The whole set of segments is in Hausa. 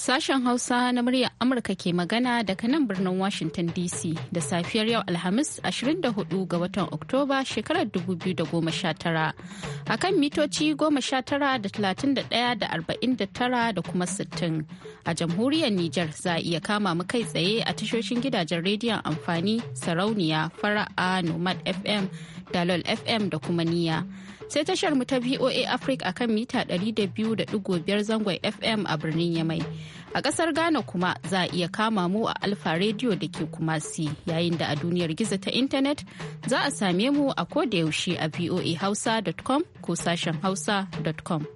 Sashen Hausa na muryar Amurka ke magana daga nan birnin Washington DC da safiyar yau Alhamis 24 ga watan Oktoba shekarar 2019 a kan mitoci 19 da da da kuma 60. A jamhuriyar Nijar za a iya kama mu kai tsaye a tashoshin gidajen rediyon amfani sarauniya fara'a Nomad FM, Dalol FM da kuma niya. sai tashar mu ta VOA Africa akan mita 200.5 zangon FM a birnin Yamai. A ƙasar Ghana kuma za a iya kama mu a Alfa Radio da ke Kumasi yayin da a duniyar gizo ta intanet za a same mu a kodayaushe a voa hausa.com ko sashen hausa.com.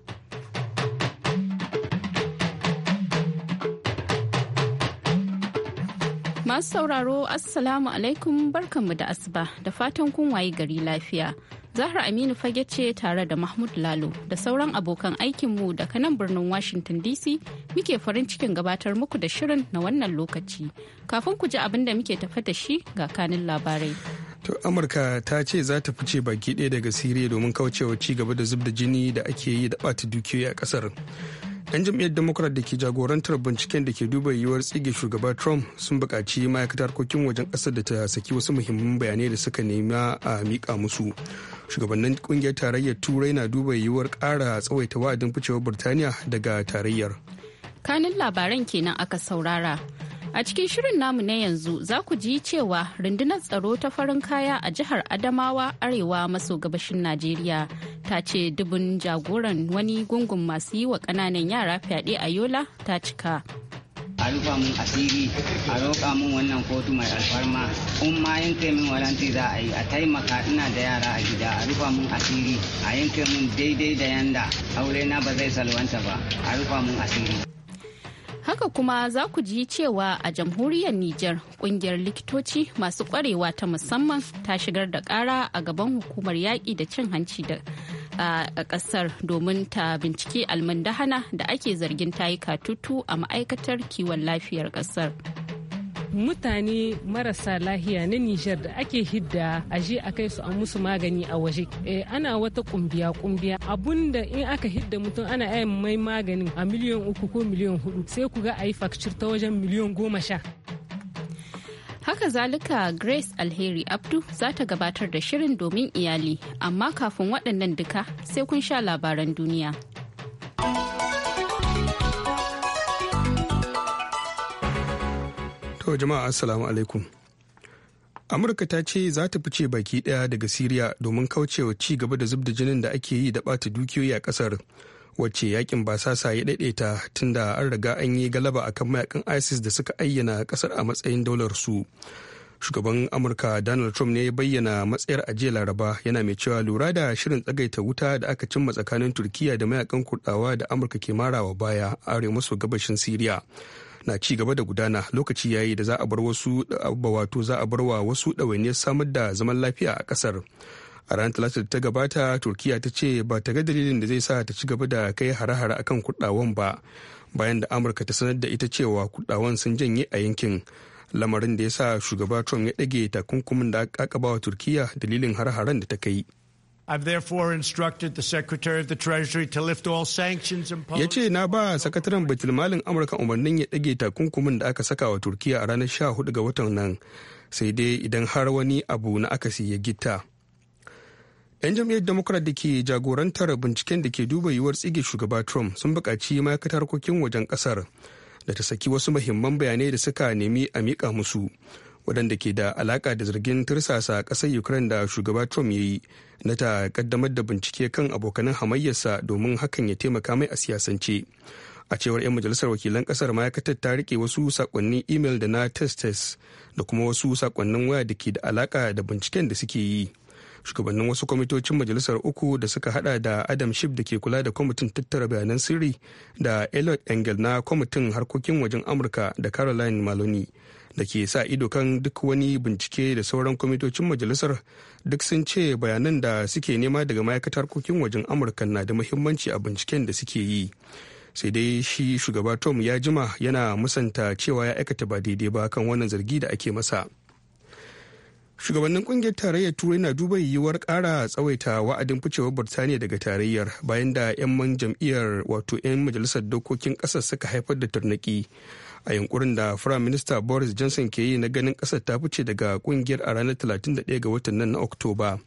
Masu sauraro Assalamu alaikum barkanmu da asuba da fatan kun waye gari lafiya. Zahra Aminu fage ce tare da Mahmud Lalo da sauran abokan aikinmu daga nan birnin Washington DC muke farin cikin gabatar muku da shirin na wannan lokaci. Kafin ku ji abin da muke tafa da shi ga kanin labarai. To Amurka ta ce za ta fice baki ɗaya daga Siriya domin kaucewa ci gaba da zub da jini da ake yi da ɓata dukiyoyi a ƙasar. 'yan jam'iyyar democrat da ke jagorantar binciken da ke duba yiwuwar tsige shugaba trump sun buƙaci ma'aikatar harkokin wajen ƙasar da ta saki wasu muhimman bayanai da suka nema a miƙa musu shugabannin ƙungiyar tarayyar turai na duba yiwuwar ƙara tsawaita wa'adin ficewar birtaniya daga tarayyar kanin labaran kenan aka saurara A cikin shirin namu na yanzu za ku ji cewa rundunar tsaro ta farin kaya a jihar Adamawa Arewa maso gabashin Najeriya ta ce dubun jagoran wani gungun masu yi wa ƙananan yara fyaɗe a Yola ta cika. a rufa mun asiri a roƙa mun wannan kotu mai alfarma in ma yanke min walanti za a yi a taimaka ina da yara a gida a rufa mun asiri a yanke mun daidai da yanda aure na ba zai salwanta ba a rufa mun asiri Haka kuma za ku ji cewa a jamhuriyar Nijar kungiyar likitoci masu kwarewa ta musamman ta shigar da kara a gaban hukumar yaƙi da cin hanci da a ƙasar domin ta bincike almandahana da ake zargin ta yi katutu a ma'aikatar kiwon lafiyar ƙasar. mutane marasa lahiya na Nijar da ake hidda a je a kai su a musu magani a waje. Eh, ana wata kumbiya kumbiya abun da in aka hidda mutum ana yin mai maganin a miliyan uku ko miliyan hudu sai ku ga a yi fakcir ta wajen miliyan goma sha. Haka zalika Grace Alheri Abdu za ta gabatar da shirin domin iyali, amma kafin waɗannan duka sai kun sha labaran duniya. To jama'a assalamu alaikum. Amurka ta ce za ta fice baki daya daga Siriya domin kaucewa ci gaba da zubda jinin da ake yi da bata dukiyoyi a kasar wacce yakin basasa ya daidaita tunda an riga an yi galaba akan mayakan ISIS da suka ayyana kasar a matsayin daular su. Shugaban Amurka Donald Trump ne ya bayyana matsayar ajiya Laraba yana mai cewa lura da shirin tsagaita wuta da aka cimma tsakanin Turkiya da mayakan kurdawa da Amurka ke marawa baya a arewa maso gabashin Siriya. na ci gaba da gudana lokaci yayi da za a bar wasu wato za a bar wa wasu ɗawainiyar samar da zaman lafiya a ƙasar a ranar talata da ta gabata turkiya ta ce ba ta ga dalilin da zai sa ta ci gaba da kai hare-hare akan kuɗawan ba bayan da amurka ta sanar da ita cewa kuɗawan sun janye a yankin lamarin da ya sa shugaba trump ya ɗage takunkumin da aka wa turkiya dalilin hare-haren da ta kai instructed the sanctions Ya ce na ba sakataren baitulmalin Amurka umarnin ya ɗage takunkumin da aka saka wa Turkiya a ranar 14 ga watan nan sai dai idan har wani abu na akasi ya gita. 'Yan jam'iyyar Democrat da ke jagorantar binciken da ke duba yiwuwar tsige shugaba Trump sun buƙaci ma'aikatar harkokin wajen ƙasar da ta saki wasu muhimman bayanai da suka nemi a miƙa musu waɗanda ke da alaka da zargin tirsasa ƙasar ukraine da shugaba trump ya yi na ta ƙaddamar da bincike kan abokanan hamayyarsa domin hakan ya taimaka mai a siyasance a cewar 'yan majalisar wakilan kasar ma'aikatar ta rike wasu sakonnin imel da na testes da kuma wasu sakonnin waya da ke da alaka da binciken da suke yi shugabannin wasu kwamitocin majalisar uku da suka hada da adam shif da ke kula da kwamitin tattara bayanan sirri da elliot engel na kwamitin harkokin wajen amurka da caroline maloney da ke sa ido kan duk wani bincike da sauran kwamitocin majalisar duk sun ce bayanan da suke nema daga ma'aikatar harkokin wajen amurka na da muhimmanci a binciken da suke yi sai dai shi shugaba tom ya jima yana musanta cewa ya aikata ba daidai ba kan wannan zargi da ake masa shugabannin kungiyar tarayyar turai na duba yiwuwar kara tsawaita wa'adin ficewar birtaniya daga tarayyar bayan da 'yan man jam'iyyar wato 'yan majalisar dokokin ƙasar suka haifar da tarnaki a yunkurin da firayim minista boris johnson ke yi na ganin ƙasar ta fice daga kungiyar a ranar 31 ga watan nan na oktoba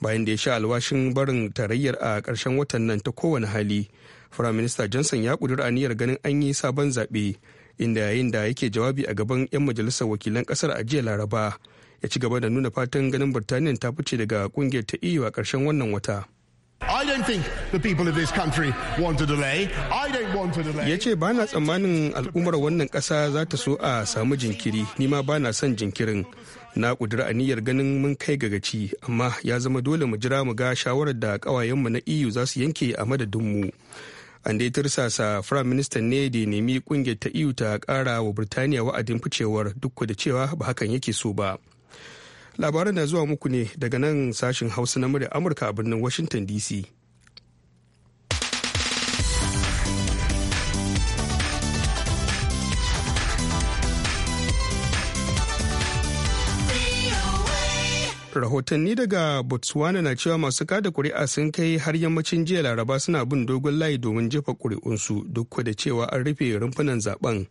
bayan da ya sha alwashin barin tarayyar a karshen watan nan ta kowane hali firayim minista johnson ya kudura aniyar ganin an yi sabon zaɓe inda yayin da yake jawabi a gaban 'yan majalisar wakilan ƙasar a jiya laraba ya ci gaba da nuna fatan ganin birtaniya ta fice daga kungiyar ta eu a ƙarshen wannan wata. the Ya ce ba na tsammanin al'ummar wannan ƙasa za ta so a samu jinkiri, ni ma ba na son jinkirin. Na ƙudura aniyar ganin mun kai ga gaci, amma ya zama dole mu jira mu ga shawarar da ƙawayenmu na EU za su yanke a madadinmu. An dai tirsasa Prime minister ne da nemi ƙungiyar ta EU ta ƙara wa Birtaniya wa'adin ficewar duk da cewa ba hakan yake so ba. labaran na zuwa muku ne daga nan sashen hausa na murya amurka a birnin washington dc rahotanni daga botswana na cewa masu kada kuri'a sun kai har yammacin jiya laraba suna bin dogon layi domin jefa kuri'unsu duk da cewa an rufe rumfunan zaben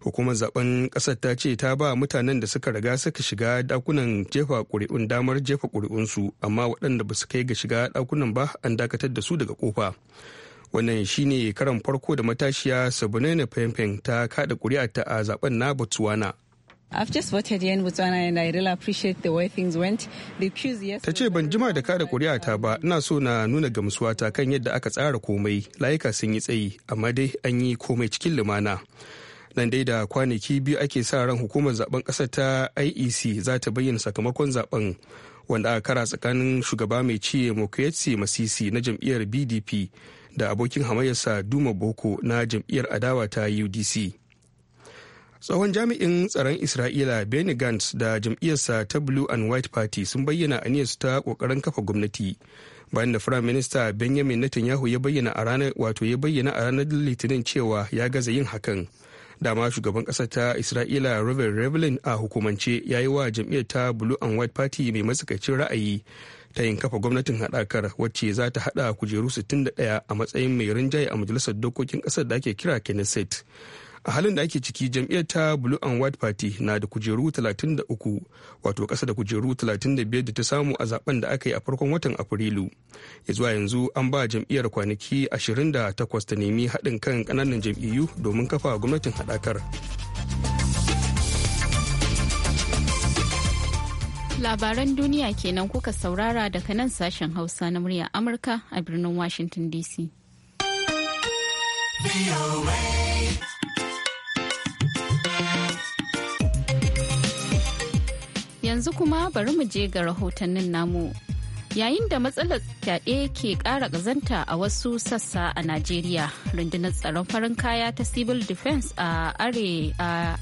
hukumar zaben kasar ta ce ta ba mutanen da suka riga suka shiga dakunan jefa kuri'un damar jefa ƙuri'unsu amma waɗanda ba su kai ga shiga dakunan ba an dakatar da su daga kofa wannan shine karan farko da matashiya sabunene pempen ta kada ƙuri'arta a zaben na botswana Ta ce ban jima da kada ta ba, ina so na nuna gamsuwa ta kan yadda aka tsara komai, layuka sun yi tsayi, amma dai an yi komai cikin lumana. nan dai da kwanaki biyu ake sa ran hukumar zaben ƙasa ta iec za ta bayyana sakamakon zaben wanda aka kara tsakanin shugaba mai ciye mokoetsi masisi na jam'iyyar bdp da abokin hamayarsa duma boko na jam'iyyar adawa ta udc tsohon jami'in tsaron isra'ila benny gantz da jam'iyyarsa ta blue and white party sun bayyana su ta kokarin kafa gwamnati bayan da firayim minista benjamin netanyahu wato ya bayyana a ranar litinin cewa ya gaza yin hakan dama shugaban kasa ta isra'ila robert revlin a hukumance ya yi wa jam'iyyar ta blue and white party mai matsakaicin ra'ayi ta yin kafa gwamnatin haɗakar wacce za ta haɗa kujeru 61 a matsayin mai rinjaye a majalisar dokokin ƙasar da ake kira knesset a halin da ake ciki jam'iyyar ta blue and white party na da kujeru 33 wato kasa da kujeru 35 da ta samu a zaben da aka yi a farkon watan afrilu ya zuwa yanzu an ba jam'iyyar kwanaki 28 ta nemi haɗin kan ƙananan jam'iyyu domin kafa gwamnatin haɗakar labaran duniya kenan kuka saurara daga nan sashen hausa na murya amurka a birnin washington dc yanzu kuma bari mu je ga rahotannin namu. Yayin da matsalar fyaɗe ke ƙara ƙazanta a wasu sassa a Najeriya, rundunar tsaron farin kaya ta Civil Defense a are a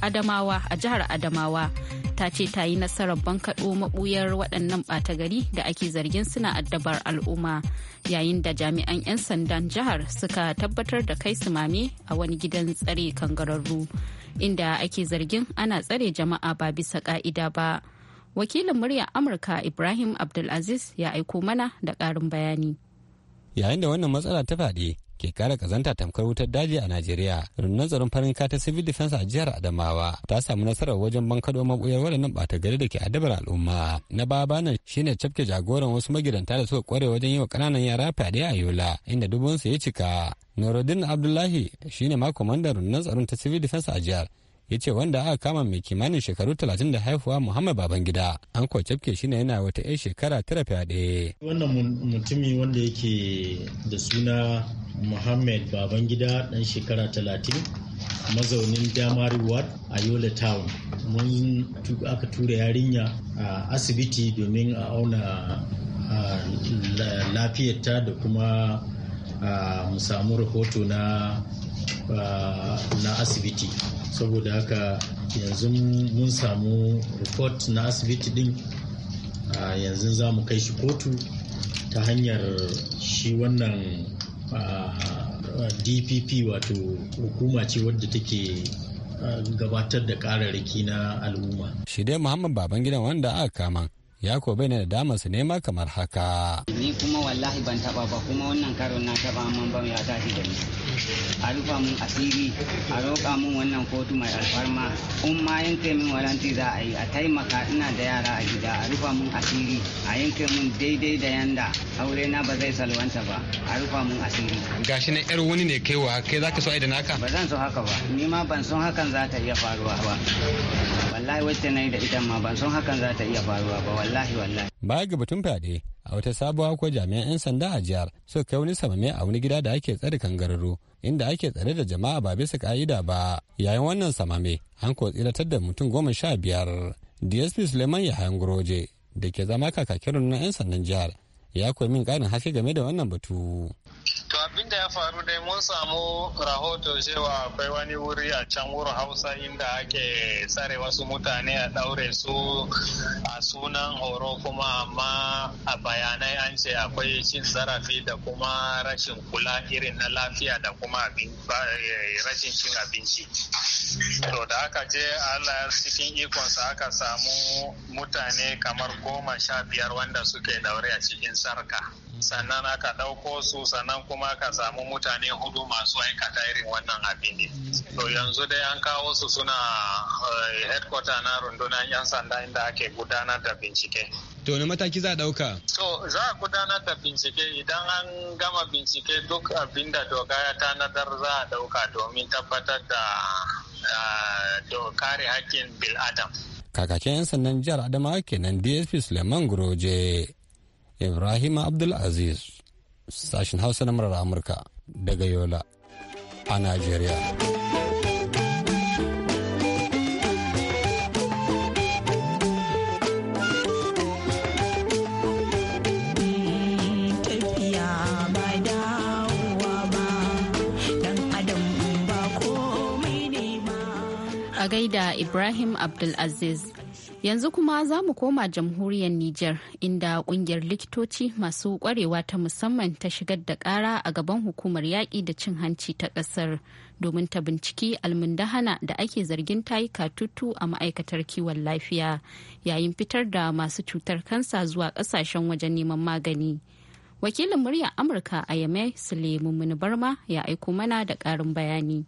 Adamawa a jihar Adamawa ta ce ta yi nasarar bankaɗo maɓuyar waɗannan ɓata gari da ake zargin suna addabar al'umma yayin da jami'an 'yan sandan jihar suka tabbatar da kai su mame a wani gidan tsare kangararru. inda ake zargin ana tsare jama'a ba bisa ka'ida ba wakilin murya amurka ibrahim abdulaziz ya aiko mana da karin bayani yayin da wannan matsala ta faɗi ke kara kazanta tamkar wutar daji a Najeriya. Rundunar tsaron farin kata civil defense a jihar Adamawa ta samu nasarar wajen bankaɗo mabuyar waɗannan ɓata gari da ke adabar al'umma. Na babanan shine cafke jagoran wasu magidanta da suka kware wajen yi wa ƙananan yara fyaɗe a Yola inda dubunsu ya cika. Nuruddin Abdullahi shine ma kwamandan rundunar tsaron ta civil defense a jihar ya ce wanda aka kama mai kimanin shekaru talatin da haihuwa muhammad babangida an ko cafke shi ne yana wata 'yan shekara tara fyaɗe. wannan mutumi wanda yake da suna muhammad babangida ɗan shekara talatin mazaunin damari ward a yola town mun aka tura yarinya a asibiti domin a auna lafiyarta da kuma mu samu rahoto na asibiti saboda haka yanzu mun samu report na asibiti din yanzu za mu kai shi kotu ta hanyar shi wannan dpp wato hukuma ce wadda take gabatar da kararraki na al'umma. shi dai muhammad Babangida, wanda aka kama ya ko bai da damar su nema kamar haka. Ni kuma wallahi ban taba ba kuma wannan karon na taba man ban ya tafi da ni. A rufa mun asiri a roƙa mun wannan kotu mai alfarma in ma yanke min walanti za a yi a taimaka ina da yara a gida a rufa mun asiri a yanke mun daidai da yanda aure na ba zai salwanta ba a rufa mun asiri. Gashi na yar wani ne kaiwa kai za ka so da naka? Ba zan so haka ba ni ma ban son hakan za ta iya faruwa ba. Wallahi wacce na yi da ita ma ban son hakan za ta iya faruwa ba wallahi wallahi baya ga batun fyaɗe a wata sabuwa ko jami'an 'yan sanda a jihar suka kai wani samame a wani gida da ake tsare kangararru inda ake tsare da jama'a ba bisa ka'ida ba yayin wannan samame an ko tsiratar da mutum goma sha biyar dsp suleiman yahayan guroje da ke zama kakakin rundunar 'yan sandan jihar ya koyi min ƙarin haske game da wannan batu abin da ya faru dai mun samu rahoto cewa akwai wani wuri a can wurin hausa inda ake tsare wasu mutane a daure su a sunan horo kuma amma a bayanai an ce akwai cin zarafi da kuma rashin kula irin na lafiya da kuma rashin cin abinci to da aka je allah cikin ikonsa aka samu mutane kamar goma sha biyar wanda suke daure a cikin sarka sannan aka ɗauko su sannan kuma ka samu mutane hudu masu aikata irin wannan abin ne to yanzu dai an kawo su suna eh, headquarter na rundunar yan sanda inda ake gudanar da bincike to ne mataki za a ɗauka to za a gudanar da bincike idan an gama bincike duk abin da doka ya tanadar za a ɗauka domin tabbatar da eh, kare hakkin bil'adam kakakin 'yan sandan jihar adamawa kenan dsp suleiman guroje Ibrahim Abdulaziz, sashen Hausa na murar Amurka daga Yola a Najeriya. gaida Ibrahim Abdulaziz. Yanzu kuma za mu koma jamhuriyar Nijar inda kungiyar likitoci masu kwarewa ta musamman ta shigar da kara a gaban hukumar yaƙi da cin hanci ta ƙasar domin ta binciki almundahana da ake zargin ta yi katutu a ma'aikatar kiwon lafiya yayin fitar da masu cutar kansa zuwa ƙasashen wajen neman magani. Wakilin muryar Amurka a Yame Suleiman Barma ya aiko mana da ƙarin bayani.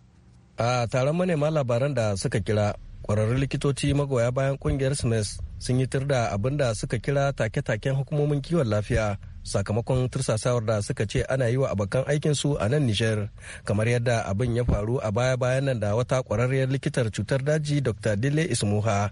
A taron manema labaran da suka kira kwararrun likitoci magoya bayan kungiyar smes sun yi tirda abin da suka kira take-taken hukumomin kiwon lafiya sakamakon tursasawar da suka ce ana yi wa abokan aikinsu a nan nijar kamar yadda abin ya faru a baya-bayan nan da wata kwararriyar likitar cutar daji dr dile ismuha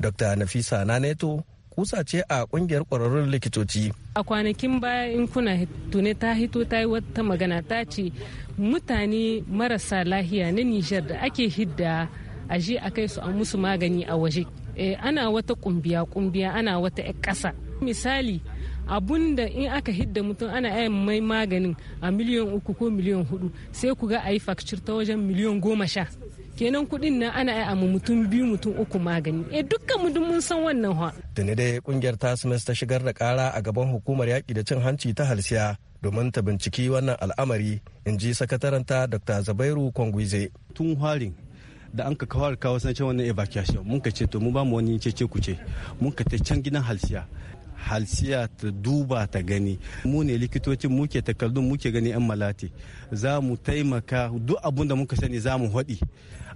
dr nafisa naneto kusa ce a kungiyar kwararrun likitoci. A kwanakin baya in kuna tune ta hito ta yi wata magana ta ce mutane marasa lahiya na Nijar da ake hidda a je a kai su a musu magani a waje eh, ana wata kumbiya kumbiya ana wata 'yan ƙasa misali abun da in aka hidda mutum ana yin mai maganin a miliyan uku ko miliyan hudu sai ku ga a yi fakcir ta wajen miliyan goma sha kenan kudin na ana yi mu mutum biyu mutum uku magani e dukkan mutum mun san wannan ha tuni dai kungiyar tasmas ta shigar da kara a gaban hukumar yaƙi da cin hanci ta halsiya domin ta binciki wannan al'amari in ji sakataranta dr zabairu kwangwize tun harin da an ka kawar kawo sanacin wannan evacuation mun ka ce to mu ba mu wani cece kuce mun ka ta can gidan halsiya halsiya ta duba ta gani mu ne likitocin muke takardun muke gani yan malati za mu taimaka duk abun da muka sani za mu haɗi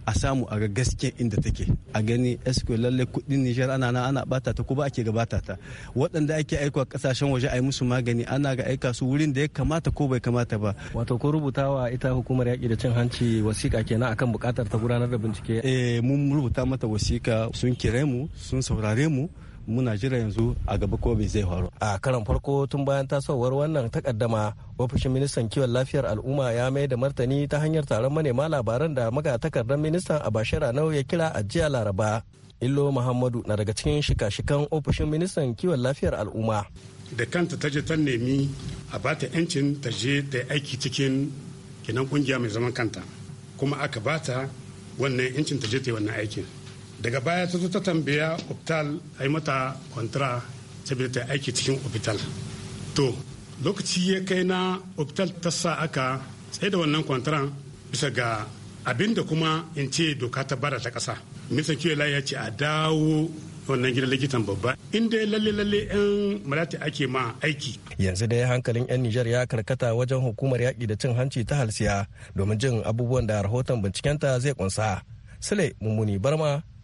a samu a ga gaske inda take a gani esko lalle kudin nijar ana na ana bata ta ko ba ake gabata ta waɗanda ake aiko a kasashen waje a yi musu magani ana ga aika su wurin da ya kamata ko bai kamata ba wato ko rubutawa ita hukumar yaƙi da cin hanci wasiƙa kenan akan buƙatar ta gudanar da bincike eh mun rubuta mata wasiƙa sun kire mu sun saurare mu muna jira yanzu a gaba ko bai zai faru. A karan farko tun bayan tasowar wannan takaddama ofishin ministan kiwon lafiyar al'umma ya mai da martani ta hanyar taron manema labaran da magatakardar ministan abashara Nau ya kira a jiya Laraba. Illo Muhammadu na daga cikin shika-shikan ofishin ministan kiwon lafiyar al'umma. Da kanta ta je ta nemi a ba ta 'yancin ta je ta aiki cikin kinan kungiya mai zaman kanta kuma aka ba ta wannan 'yancin ta je ta yi wannan aikin. daga baya ta zo ta tambaya optal ai mata kwantara saboda ta aiki cikin optal to lokaci ya kai na optal ta sa aka tsaye da wannan kwantara bisa ga abin da kuma in ce doka ta bara ta ƙasa ministan kiwela ya ce a dawo wannan gidan likitan babba in dai lalle lalle yan malati ake ma aiki yanzu dai hankalin yan nijar ya karkata wajen hukumar yaƙi da cin hanci ta halsiya domin jin abubuwan da rahoton bincikenta zai kunsa sule mummuni barma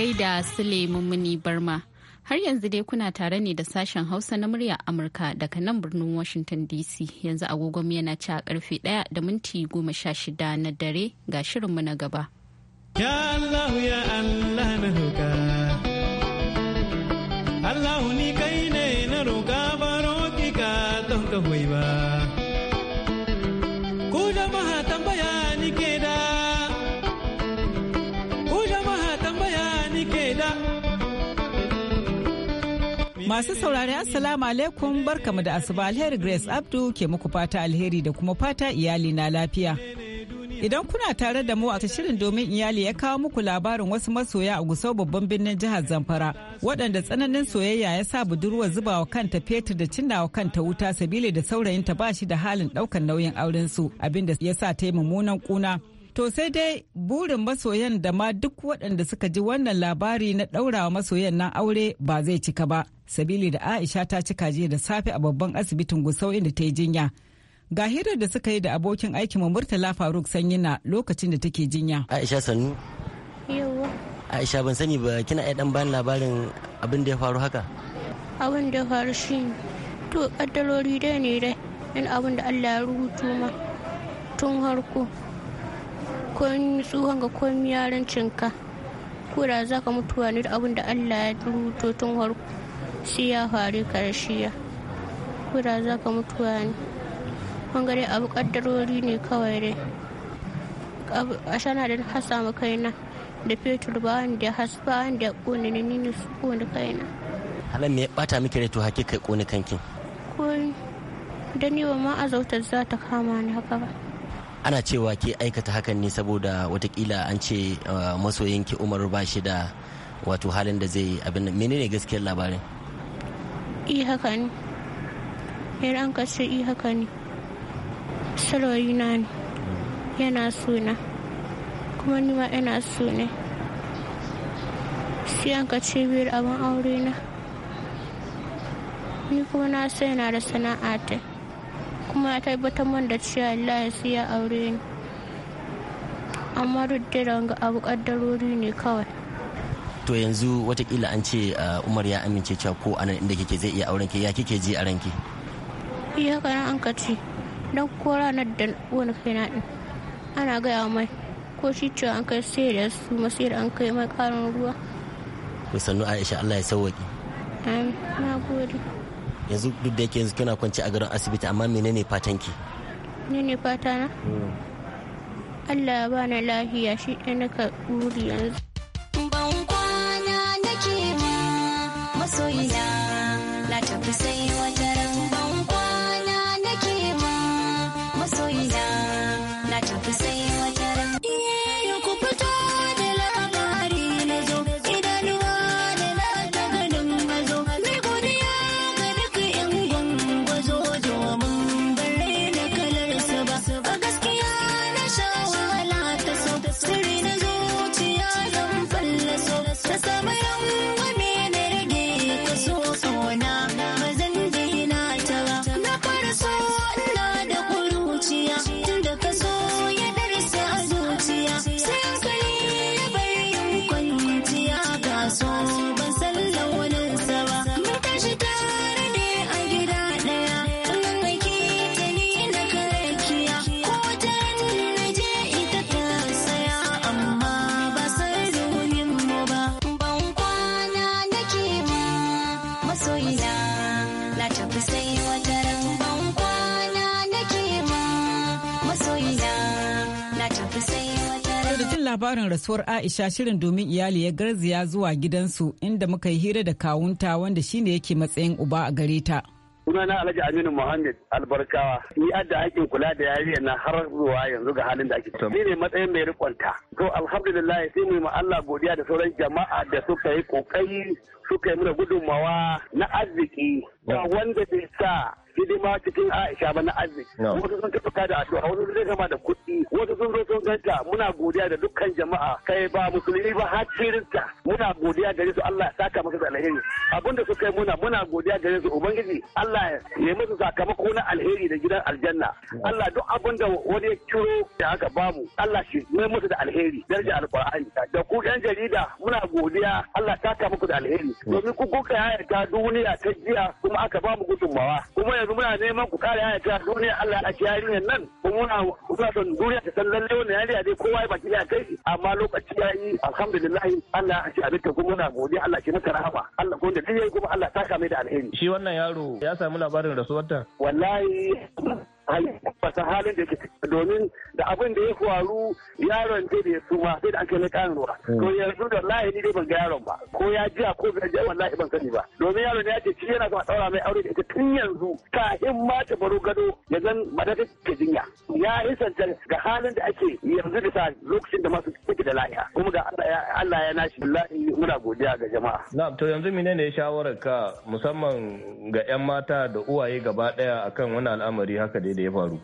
gaida Sule muni Barma. Har yanzu dai kuna tare ne da sashen Hausa na murya Amurka daga nan birnin Washington DC yanzu agogon yana ci a karfe ɗaya da minti goma sha shida na dare ga shirinmu na gaba. Ya Allah ya Allah na Allah ni kai ne na roka baro ki ka don ka ba. Masu saurari Assalamu alaikum barkamu da asuba alheri Grace Abdu ke muku fata alheri da kuma fata iyali na lafiya. Idan kuna tare da mu a shirin domin iyali ya kawo muku labarin wasu masoya a gusau babban birnin jihar Zamfara waɗanda tsananin soyayya ya sa budurwa zubawa kanta fetur da cinnawa kanta wuta sabili da saurayinta ba shi da halin ɗaukar nauyin aurensu abinda ya sa ta yi mummunan kuna To sai dai burin masoyan da ma duk waɗanda suka ji wannan labari na ɗaurawa masoyan na aure ba zai cika ba. Sabili da Aisha ta cika jiya da safe a babban asibitin Gusau inda ta yi jinya. Ga hirar da suka yi da abokin aikin Murtala Faruk Sanyina lokacin da take jinya. Aisha Sannu. Yawwa. Aisha ban sani ba kina iya dan bani labarin abin da ya faru haka. Abin da ya faru shi to kaddarori dai ne dai in abin da Allah ya rubuto ma tun harko. komi tsohon ga komi yarancinka ko da za ka mutuwa ne da abin da allah ya rubuto tun harko sai ya faru karshiya ko da za ka mutuwa ne ɓangare abu ƙaddarori ne kawai dai a shana da hasa samu kaina da fetur ba wanda ya ba wanda ya ƙone ne ni ne su kone kaina halin me ya ɓata miki rai to kai kone kanki ko da ni ba ma azautar za ta kama ni haka ba ana cewa ke aikata hakan ne saboda watakila an ce uh, ki umar ba shi da wato halin da zai abin da menene gaskiyar labarin i haka ne yar an kashe i haka ne sarori na ne yana suna kuma ni ma yana so ne sai an ka ce biyar abin aure na ni kuma na sai na da sana'a ta kuma ya tabbatar man da cewa Allah ya siya aure ni amma duk da ga abu kaddarori ne kawai to yanzu watakila an ce uh, umar ya amince cewa ko anan inda kike zai iya auren ki ya kike ji a ranki iya kana an ka ce don ko ranar da wani kaina din ana gaya mai ko shi cewa an kai sai da su masu an kai mai karin ruwa Ku sannu aisha allah ya Amin. na gode yanzu duk da yake yanzu kina kwanci a garin asibiti amma menene ne menene na. Hmm. Allah ya bani lafiya shi ɗaya ka buri yanzu labarin rasuwar Aisha shirin domin iyali ya garziya zuwa gidansu inda muka yi hira da kawunta wanda shi ne yake matsayin uba a gare ta. sunana alhaji aminu muhammad albarkawa ni adda aikin kula da yariya na har zuwa yanzu ga halin da ake ni ne matsayin mai rikonta to alhamdulillah sai mu ma Allah godiya da sauran jama'a da suka yi kokari suka yi mana gudummawa na arziki ba wanda bai sa ma cikin Aisha ba na arziki. Wasu sun tafi da tuwa wasu sun gama da kuɗi wasu sun zo sun ganta muna godiya da dukkan jama'a kai ba musulmi ba har cirinta muna godiya gare su Allah ya saka masu da alheri abinda su kai muna muna godiya gare su ubangiji Allah ya musu sakamako na alheri da gidan aljanna Allah duk abinda wani ya kiro da aka bamu Allah shi ne musu da alheri daraja alqur'ani da ku yan jarida muna godiya Allah ya saka muku da alheri domin ku kuka yaya ta duniya ta jiya kuma aka bamu gudunmawa kuma yanzu muna neman ku kare haya ta duniya Allah a yarinyar nan kuma muna muna son duniya ta san lalle wannan yarinya dai kowa ya baki ya kai amma lokaci ya yi alhamdulillah Allah ya ci abin kuma muna godiya Allah ki maka rahama Allah ko da duk kuma Allah ta kame da alheri shi wannan yaro ya samu labarin rasuwarta wallahi san halin da ke domin da abin da ya faru yaron da ya suma sai da ake na karin ruwa hmm. to yanzu da layi dai ban ga yaron ba ko ya jiya ko bai jiya wallahi ban sani ba domin yaron ya ce shi yana son a daura mai aure da ita tun yanzu kafin ma ta baro gado ya zan mata ta jinya ya isanta ga halin da ake yanzu da sa lokacin da masu suke da lahiya kuma ga Allah ya nashi billahi muna godiya ga jama'a na to yanzu menene ne shawarar ka musamman ga 'yan mata da uwaye gaba daya akan wani al'amari haka dai da ya faru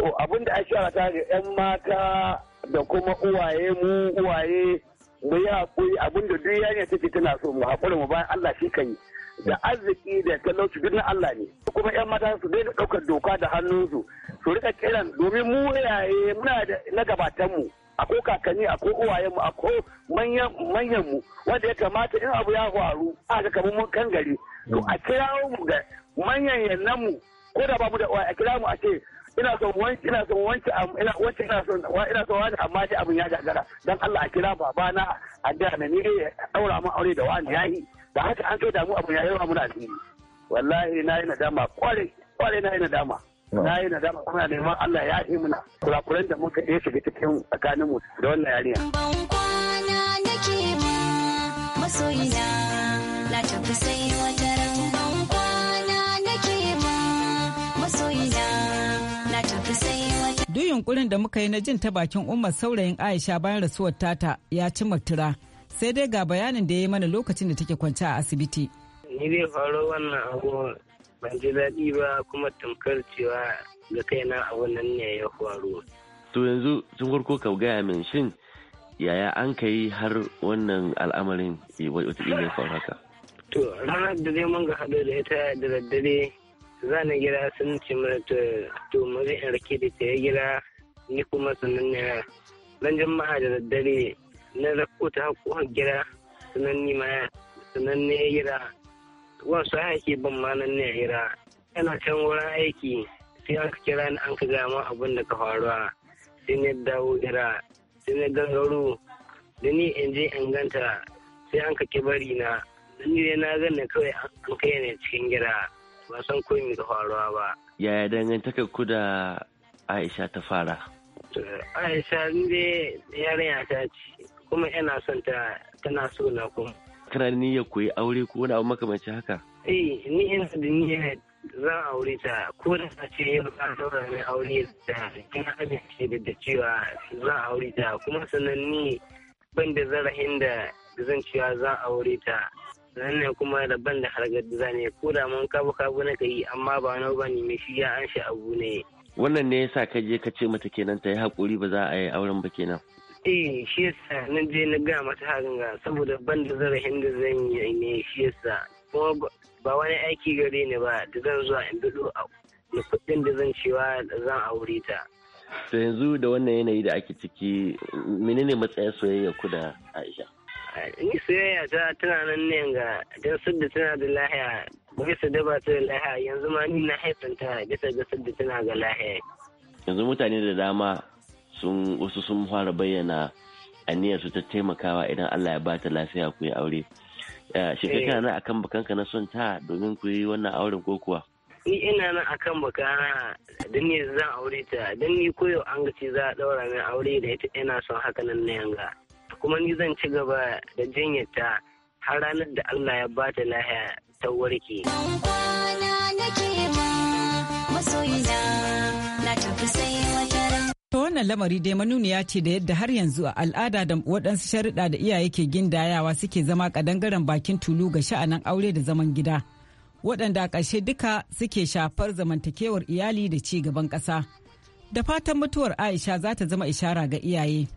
To abin da ake rata da 'yan mata da kuma uwaye mu uwaye mu yi haƙuri abin da duk yanya take tana so mu haƙuri mu bayan Allah shi kan yi. Da arziki da talauci duk na Allah ne. Kuma 'yan mata su daina ɗaukar doka da hannunsu su rika kiran domin mu yaye muna da na gabatanmu. Ako kakanni ako uwayenmu ako mu wanda ya kamata in abu ya faru a ga kamar mun kan gari. To a kira mu ga manyan yannanmu ko da babu da uwaye a kira mu a ce ina son wani ina son wani ina wacce ina son ina son wani amma shi abin ya gagara dan Allah a kira babana a da na ni ya eh, daura mu aure da wani yayi da haka an so damu abin ya wa muna asiri wallahi na yi nadama kwarai kwarai na yi nadama na yi nadama kuma neman Allah ya yi muna kurakuran da muka yi shiga cikin tsakanin mu da wannan yarinya ban kwana nake ba masoyina sai wata yunkurin da muka yi na jin ta bakin Umar saurayin Aisha bayan rasuwar tata ya ci maktura Sai dai ga bayanin da ya yi mana lokacin da take kwance a asibiti. Ni zai faru wannan abu ban ji daɗi ba kuma tamkar cewa ga kaina a wannan ne ya faru. To yanzu sun farko ka gaya min shin yaya an ka yi har wannan al'amarin wata ilimin haka? To ranar da zai mun ga haɗu da ita da daddare zana gida sun ce mana to mu zai rake da ta gida ni kuma sannan na ran jama'a da daddare na rako ta hakuwar gida sannan ni ma sannan ne gida wasu aiki ban ma nan ne gida yana can wurin aiki sai an kira ni an ka gama abin da ka faruwa sai na dawo gida sai na gangaro da ni in je in ganta sai an ka bari na ni dai na gane kawai an kai ne cikin gida ba san ko me ka faruwa ba yaya dangantakar ku da Aisha ta fara Aisha ni yarinya ta ce kuma yana son ta tana so na kuma kana niyyar koyi aure ko wani abu makamancin haka eh ni ina da niyyar za a aure ta ko da ta ce yau za a mai aure da kina amince da cewa za a aure ta kuma sannan ni ban da zarafin da zan cewa za a aure ta nan ne kuma daban da da zane ko da mun kabu kabu na yi amma ba nau ba ne shi ya an shi abu ne. Wannan ne yasa ka je ka ce mata kenan ta yi haƙuri ba za a yi auren ba kenan. Eh shi yasa nan je na ga mata hakan ga saboda ban da zarafin da zan yi ne shi yasa kuma ba wani aiki gare ni ba da zan zuwa in bido da kuɗin da zan cewa da zan aure ta. To yanzu da wannan yanayi da ake ciki menene matsayin soyayya ku da Aisha? ni soyayya ta tana nan ne ga don sadda tana da lahiya bisa da ba ta da lahiya yanzu ma ni na haifanta bisa da sadda tana ga lahiya. Yanzu mutane da dama sun wasu sun fara bayyana aniyar su ta taimakawa idan Allah ya bata lafiya ku yi aure. Shekai eh. kana nan akan bakanka na son ta domin ku yi wannan auren ko kuwa? Ni ina nan akan baka don ne zan aure ta don ni koyo an gaci za a ɗaura min aure da ita ina son haka nan na yanga. kuma ni zan ci gaba da jinyata har ranar da Allah ya ba ta lahiya ta warke. To wannan lamari dai manuniya ce da yadda har yanzu a al'ada da waɗansu sharuɗa da iyaye ke gindayawa suke zama ƙadangaren bakin tulu ga sha'anan aure da zaman gida. waɗanda a ƙarshe duka suke shafar zamantakewar iyali da ci gaban ƙasa. Da fatan mutuwar Aisha za ta zama ishara ga iyaye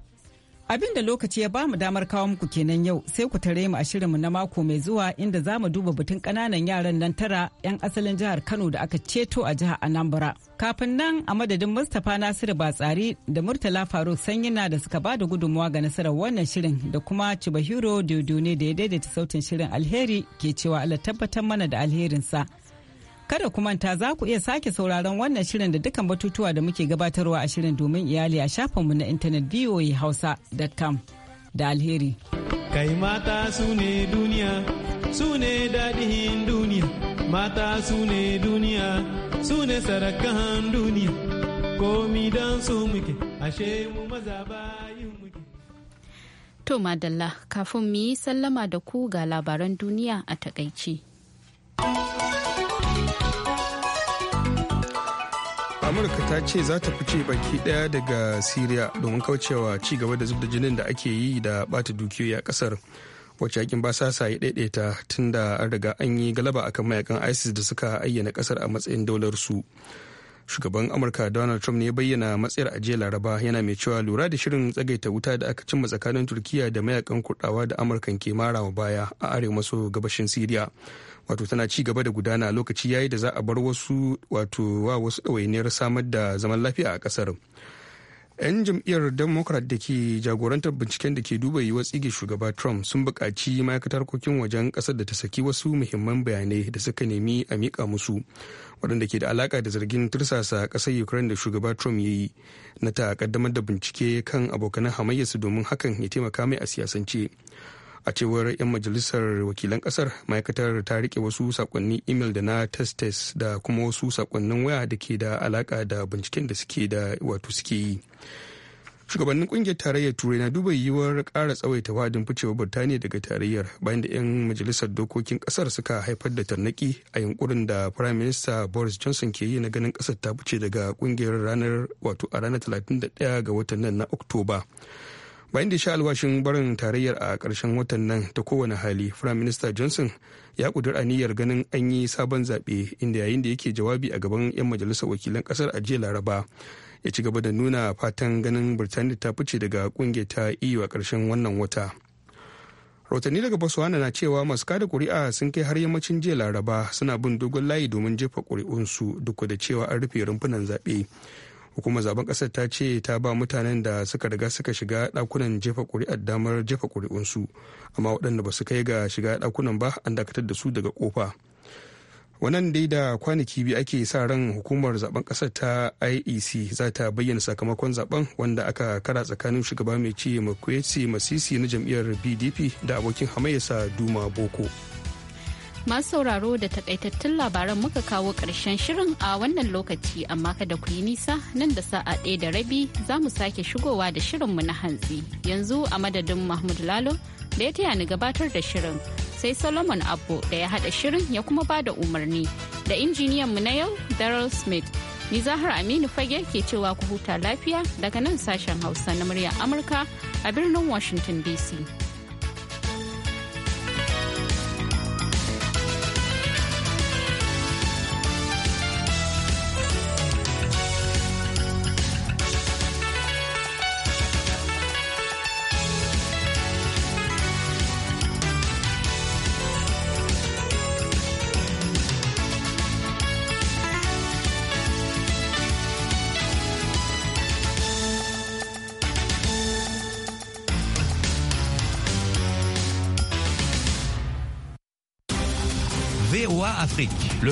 Abin da lokaci ya bamu damar kawo muku kenan yau sai ku tare mu a shirin mu na mako mai zuwa inda za mu duba batun kananan yaran nan tara 'yan asalin jihar Kano da aka ceto a jihar Anambra. Kafin nan a madadin Mustapha Nasiru Batsari da Murtala Faruk Sanyina da suka bada gudunmawa ga nasarar wannan shirin da kuma Chibahiro Dodo ne da ya daidaita sautin shirin alheri ke cewa Allah tabbatar mana da alherinsa. Kada ku manta za ku iya sake sauraron wannan shirin da dukkan batutuwa da muke gabatarwa a shirin domin iyali a shafinmu na intanet voahausa.com da alheri. Kai mata su ne duniya, su ne daɗin duniya, mata su ne duniya, su ne sarakan duniya, komi don su muke, ashe mu maza bayin muke. To Madalla, kafin mu yi sallama da ku ga labaran duniya a takaici. amurka ta ce za ta fice baki daya daga syria domin kaucewa ci gaba da zubda jinin da ake yi da bata dukiyoyi a kasar wacce yakin ba sa sa ya daidaita tun da an riga an yi galaba akan mayakan isis da suka ayyana kasar a matsayin daular su shugaban amurka donald trump ne bayyana matsayar ajiyar laraba yana mai cewa lura da shirin tsagaita wuta da aka cimma tsakanin turkiya da mayakan kurdawa da amurkan ke marawa baya a arewa maso gabashin syria wato tana ci gaba da gudana lokaci yayi da za a bar wasu wato wa wasu ɗawainiyar samar da zaman lafiya a ƙasar. 'yan jam'iyyar democrat da ke jagorantar binciken da ke duba yiwuwar tsige shugaba trump sun buƙaci ma'aikatar harkokin wajen ƙasar da ta saki wasu muhimman bayanai da suka nemi a miƙa musu waɗanda ke da alaƙa da zargin tursasa ƙasar ukraine da shugaba trump ya yi na ta ƙaddamar da bincike kan abokanan hamayyarsu domin hakan ya taimaka mai a siyasance a cewar 'yan majalisar wakilan kasar ma'aikatar ta rike wasu sakonnin imel da na testes da kuma wasu sakonnin waya da ke da alaka da binciken da suke da wato suke yi shugabannin kungiyar tarayyar turai na duba yiwuwar kara tsawaita wadin ficewar birtaniya daga tarayyar bayan da 'yan majalisar dokokin kasar suka haifar da tarnaki a yankurin da prime minister boris johnson ke yi na ganin kasar ta fice daga kungiyar ranar wato a ranar 31 ga watan nan na oktoba bayan da sha alwashin barin tarayyar a ƙarshen watan nan ta kowane hali prime minister johnson ya a niyyar ganin an yi sabon zaɓe inda yayin da yake jawabi a gaban 'yan majalisar wakilan ƙasar a jiya laraba ya ci gaba da nuna fatan ganin birtaniya ta fice daga ƙungiyar ta eu a ƙarshen wannan wata rahotanni daga botswana na cewa masu kada ƙuri'a sun kai har yammacin jiya laraba suna bin dogon layi domin jefa ƙuri'unsu duk da cewa an rufe rumfunan zaɓe hukumar zaben kasar ta ce ta ba mutanen da suka riga suka shiga dakunan jefa kuri'ar damar jefa kuri'unsu amma waɗanda ba su kai ga shiga dakunan ba an dakatar da su daga kofa wannan dai da kwanaki biyu ake sa ran hukumar zaben kasar ta iec za ta bayyana sakamakon zaben wanda aka kara tsakanin shugaba mai ci makwetsi masisi na jam'iyyar pdp da abokin hamayyarsa duma boko Masu sauraro da takaitattun labaran muka kawo ƙarshen shirin a wannan lokaci amma kada ku yi nisa nan da sa'a ɗaya da rabi za mu sake shigowa da shirinmu na hantsi. Yanzu a madadin Mahmud Lalo da ya taya ni gabatar da shirin sai Solomon abu da ya haɗa shirin ya kuma ba da umarni da injiniyan mu na yau Daryl Smith. Ni Zahar Aminu Fage ke cewa ku huta lafiya daga nan sashen Hausa na muryar Amurka a birnin Washington DC.